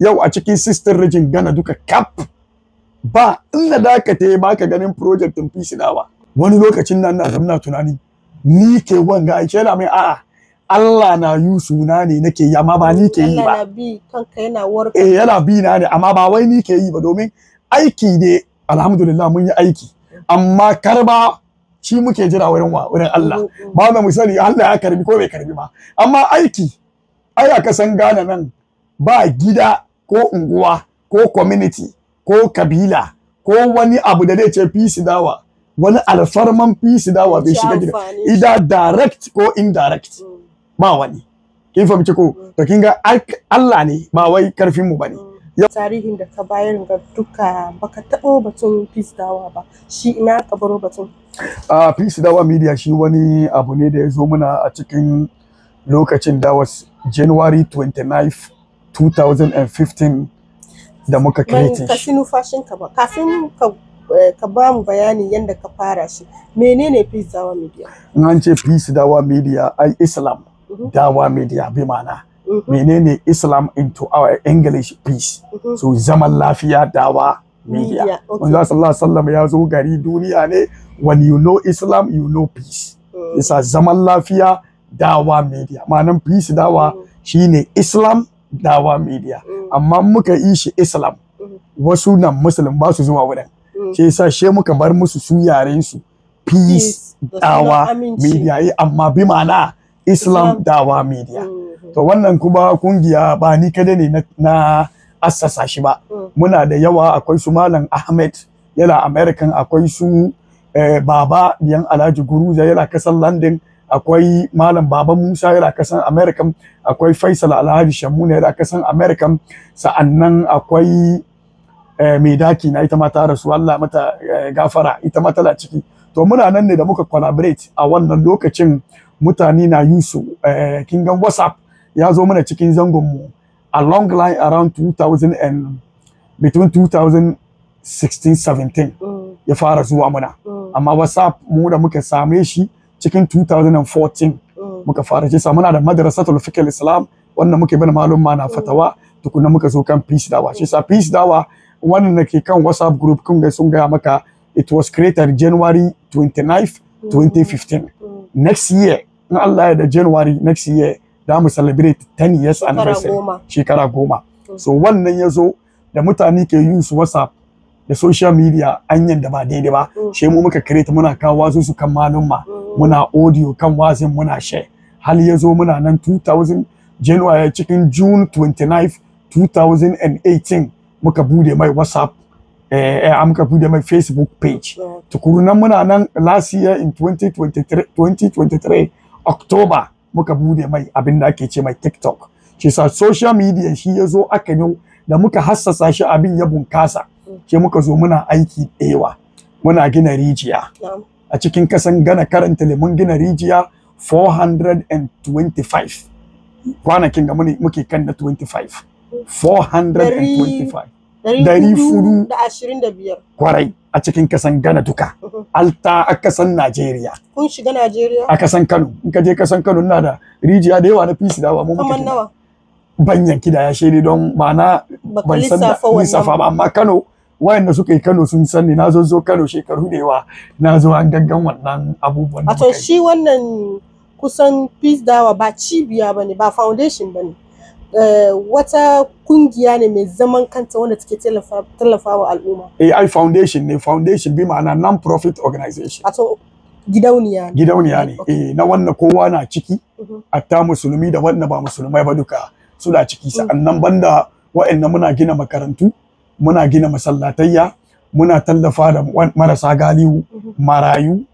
yau a cikin sister region gana duka kap ba inda da ka te ba ka ganin project din Fisinawa wani lokacin nan na zamna tunani ni ke wanga ai kela mai a'a Allah na yi suna ne nake yi amma ba ni ke yi ba. Allah bi kanka yana warka. Eh yana bi na ne amma ba wai ni ke yi ba domin aiki ne alhamdulillah mun yi aiki amma karba shi muke jira wurin wa wurin Allah ba mu sani Allah ya karbi ko bai karbi ba amma aiki ai aka san gane nan ba gida ko unguwa ko community ko kabila ko wani abu da zai ce peace dawa wani alfarman peace dawa bai shiga gida ida direct ko indirect mm. ba wani kin fahimci ko mm. to kin ga Allah ne ba wai karfin mu bane mm. tarihin da ka bayar ga duka baka tabo batun peace dawa ba shi ina ka baro batun a peace dawa media shi wani abu ne da ya zo muna a cikin lokacin dawas january 29 2015 da muka create ka shi numfashin ka ba kafin ka eh, ka ba mu bayani yadda ka fara shi menene peace dawa media in an ce peace dawa media ai islam mhm. dawa media bi mana mhm. menene islam into our english peace mhm. so zaman lafiya dawa media wanda sallallahu sallam ya zo gari duniya ne when you know islam you know peace isa zaman lafiya dawa media manan peace dawa shine islam dawa media mm. amma muka yi shi islam mm. wasu nan musulun ba su zuwa wurin mm. shi yasa she muka bar musu su yaren su peace dawa media eh, amma bi mana islam dawa media mm-hmm. to wannan kuma kungiya ba ni kada ne na assasa shi ba muna da yawa akwai su malam ahmed yana american akwai su eh, baba yan alhaji guruza yana kasan london akwai malam baban musa yana kasan american akwai faisal alhaji shamuna yana kasan american sa'annan akwai eh, mai daki na ita ma ta rasu Allah mata eh, gafara ita ma tana ciki to muna nan ne da muka collaborate a wannan lokacin mutane na yusu eh, kin ga whatsapp ya zo mana cikin zangon mu a long line around 2000 and between 2016 17 mm. ya fara zuwa muna mm. amma whatsapp mu da muka same shi cikin 2014 mm. muka fara kisa muna da madrasatul fikr islam wannan muke bin malum ma na fatawa mm. tukunna muka zo kan peace dawa shi mm. sa peace dawa wannan da ke kan whatsapp group kun ga sun gaya maka it was created january 29 2015 next year in Allah ya da january next year da mu celebrate 10 years anniversary shekara goma so wannan ya zo da mutane ke use whatsapp da social media anyan da ba daidai ba mm. shi mu muka create muna kawo wasu su kan malum ma mm. muna audio kan wazin muna share hal ya zo muna nan 2000 January cikin June 29 2018 muka bude mai WhatsApp eh, am eh, muka bude mai Facebook page mm. tukuru nan muna nan last year in 2023 2023 October muka bude mai abin da ake ce mai TikTok shi sa social media shi ya zo aka yi da muka hassasa shi abin ya bunkasa sai muka zo muna aiki ɗewa muna gina rijiya a cikin kasan gana karanta mun gina rijiya 425 kwanakin ga muke kan na 25 425 dari fudu da ashirin da biyar kwarai a cikin kasan gana duka mhm. alta a kasan najeriya kun shiga najeriya a kasan kano in ka je kasan kano na da rijiya da yawa na fi dawa mun kamar gina ban kida da ya shaidi don ma'ana ban san lissafa ba amma kano wayanda suka yi Kano sun sani na zo zo Kano shekaru da yawa na zo an gangan wannan abubuwan a to shi wannan kusan peace dawa ba cibiya bane ba foundation bane eh, wata kungiya ne mai zaman kanta wanda take tallafa wa al'umma eh, AI foundation ne foundation bi ma'ana non profit organization a to gidauniya ne gidauniya ne eh na wannan kowa na ciki mm-hmm. hatta musulmi da wanda ba musulmai ba duka suna ciki mm-hmm. sa'annan banda wa'annan muna gina makarantu muna gina masallatayya muna tallafa da marasa galihu mhm. marayu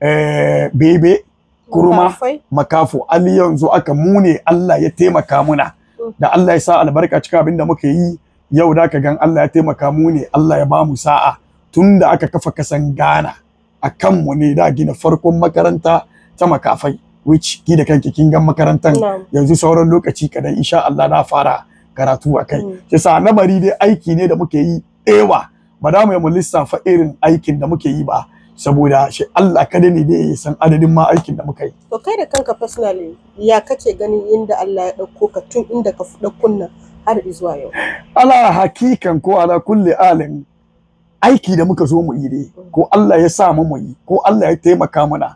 eh, bebe kurma makafu ali yanzu aka mune Allah ya taimaka muna mhm. da Allah ya sa albarka cika abin da muka yi yau da ka gan Allah ya taimaka mu ne Allah ya bamu sa'a tunda aka kafa kasan gana a kanmu ne da gina farkon makaranta ta makafai which ki kanki kin gan makarantan yanzu sauran lokaci kadan insha Allah na fara karatu a kai mm. shi sa bari dai aiki ne da muke yi ɗewa ba da mu lissafa irin aikin da muke yi ba saboda shi Allah kada ne dai ya san adadin ma aikin da muka yi to kai da kanka personally ya kace ganin inda Allah ya dauko ka tun inda ka fuda kunna har zuwa yau ala hakikan ko ala kulli alin aiki da muka zo mu yi dai mm. ko Allah ya sa mu mu yi ko Allah ya taimaka mana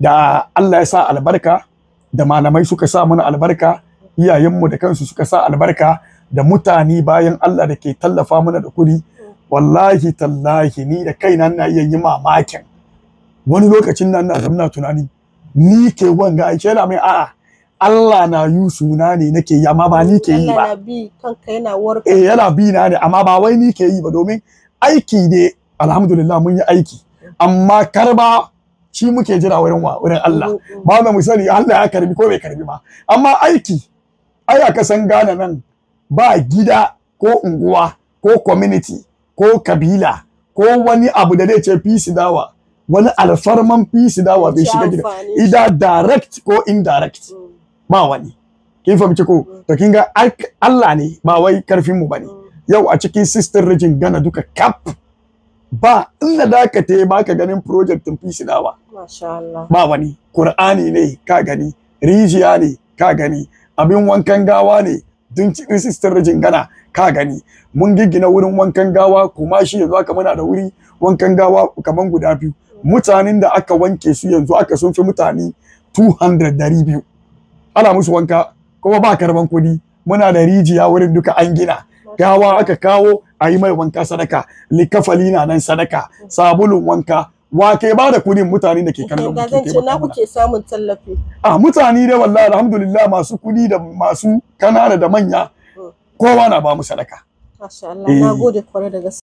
da Allah ya sa albarka da malamai suka sa mana albarka iyayenmu da kansu suka sa albarka da mutane bayan Allah da ke tallafa mana da kuri wallahi tallahi ni da kaina na iya yi mamakin wani lokacin nan na zama tunani ni ke wanga ai shela mai a'a Allah na yi suna ne nake yi amma ba ni ke yi ba. Eh yana bi na ne amma ba wai ni ke yi ba domin aiki ne alhamdulillah mun yi aiki amma karba shi muke jira wurin wa wurin Allah ba mu misali Allah ya karbi ko bai karbi ba amma aiki ai ka san Ghana nan ba gida ko unguwa ko community ko kabila ko wani abu da zai ce peace dawa wani alfarman peace dawa bai shiga gida ida direct ko indirect mm. ba wani kin fahimci ko mm. to kin Allah ne ba wai karfin mu bane mm. yau a cikin sister region Ghana duka cap ba inda da ka te ba ka ganin project din peace dawa masha Allah ba wani Qur'ani ne ka gani rijiya ne ka gani abin wankan gawa ne dun cikin sistar gana ka gani mun giggina wurin wankan gawa kuma shi yanzu aka muna da wuri wankan gawa kaman guda biyu mutanen da aka wanke su yanzu aka sun fi mutane 200 dari biyu ana musu wanka kuma ba karban kuɗi muna da rijiya wurin duka an gina gawa aka kawo a yi mai wanka sadaka likafali na nan sadaka sabulun wanka wa ke ba da kudin mutane da ke kallon mu ke na kuke samun tallafi ah mutane da wallahi alhamdulillah masu kudi da masu kanana da manya hmm. kowa na ba mu sadaka masha Allah nagode eh. kwarai da